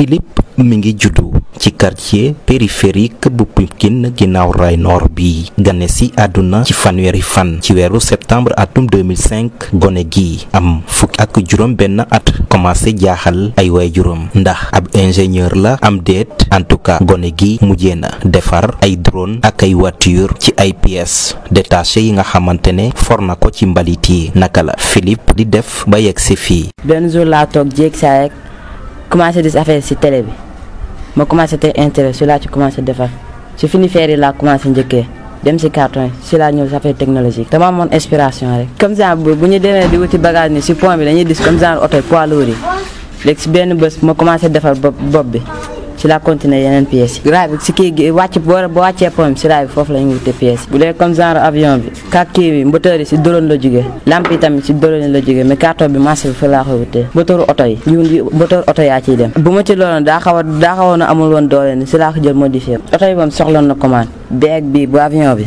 Philippe mi ngi juddu ci quartier périphérique bu Pikine ginaaw ray nord bi gané ci aduna ci fanweeri fan ci wéru septembre atum 2005 goné gi am fuk ak juróom ben at commencé jaaxal ay way juróom ndax ab ingénieur la am det en tout cas goné gi mujjee défar defar ay drone ak ay voiture ci ay pièces détaché yi nga xamante ne for ko ci mbalit yi Philippe di def ba yegg fi ben benn jour laa toog jéeg rek commencé des affaires ci télé ma commencé te intérêt tu commences ci commencé si fini la commencé dem carton Cela nous a fait technologique C'est mon inspiration comme ça vous di si point bi dañuy comme genre vous poids lori ma ci la continuer yeneen pièces yi raay bi si kii gi wàcc boo boo si raay bi foofu la ñu wute pièces yi bu dee comme genre avion bi kak kii bi si drone la jógee lampe yi tamit si drone la jógee mais carton bi marché bi fa yaa dem bu ma ci looloon daa xaw a daa xawoon a amul woon doole ni si laa ko jël modifié oto yi moom soxloon na commande beeg bi bu avion bi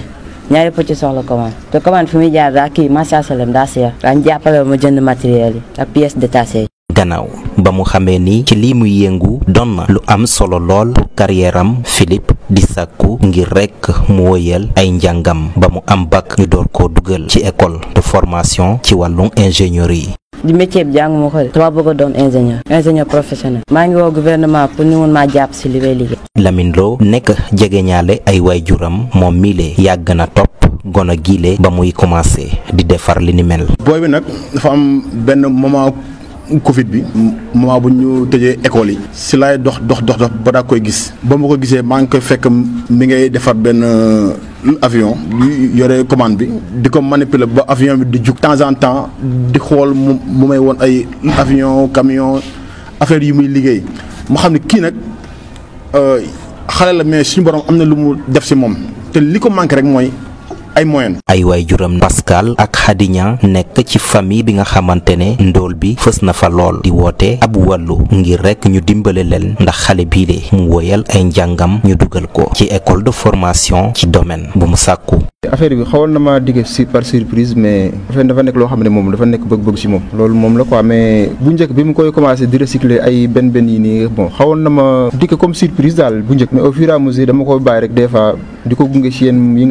ñaari pëcc soxla commande te commande fi muy jaar daa kii marché Salem daa seer daañ jàppale ma jënd matériel yi ak pièces détachées gannaaw ba mu xamee ni ci lii muy yëngu doon lu am solo lool pour carrière am di sàkku ngir rekk mu woyal ay njàngam ba mu am bac ñu door koo dugal ci école de formation ci wàllu wàllum yi di métier bi jàng moo ko dama doon ingénieur ingénieur professionnel maa ngi woo gouvernement pour ñu mun maa jàpp si li may liggéey. Lamine Lo nekk jegeñaale ay waajuram moom miile yàgg na topp gone giile ba muy commencé di defar li Covid bi moment bu ñu tëjee école yi. si laay dox dox dox dox ba da koy gis ba ma ko gisee maa ngi koy fekk mi ngay défar ben euh, avion. yoré commande bi diko manipuler ba avion bi di juk temps en temps di xol mu mu may woon ay avion camion affaire yu muy liggéey mu xamni ki nak euh xalé la mais suñu borom amna lu mu def ci mom té liko ko rek moy ay moyen ay waajuram Pascal ak Xadiña nekk ci famille bi nga xamante ne ndóol bi fës na fa lool di woote ab wàllu ngir rek ñu dimbale leen ndax xale bii de mu woyal ay njàngam ñu dugal ko ci école de formation ci domaine bu mu sàkku affaire bi xawoon na ma digge si par surprise mais affaire dafa nekk loo xam ne moom dafa nekk bëgg-bëgg si moom loolu moom la quoi mais bu njëkk bi mu koy commencé di recycler ay benn benn yi nii xawoon na ma digge comme surprise daal bu njëkk mais au fur et à nga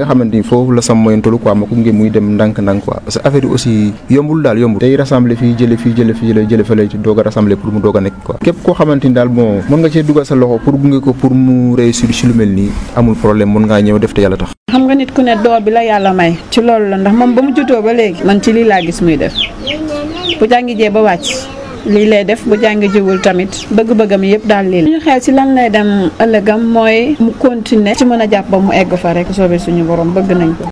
xamante ni foofu la moyentul quoi ma ko muy dem ndank ndank quoi parce que affaire aussi yombul daal yombul day rassembler fii jële fii jële fi jele jele fa lay doog a rassembler pour mu doog a nekk quoi képp koo xamante ni daal bon mon nga cee dugal sa loxo pour gungé ko pour mu réussir ci lu mel nii amul problème mon ngaa ñëw def ta yàlla tax xam nga nit ku ne door bi la yàlla may ci loolu la ndax moom ba mu ba léegi man ci lii laa gis muy def bu jàngi jee ba wàcc lii lay def bu jàngi jiwul tamit bëgg-bëggam yëpp daal lii ñu xeel ci lan lay dem ëllëgam mooy mu continuer ci mën a jàpp ba mu egg fa rek soobee suñu borom bëgg nañ ko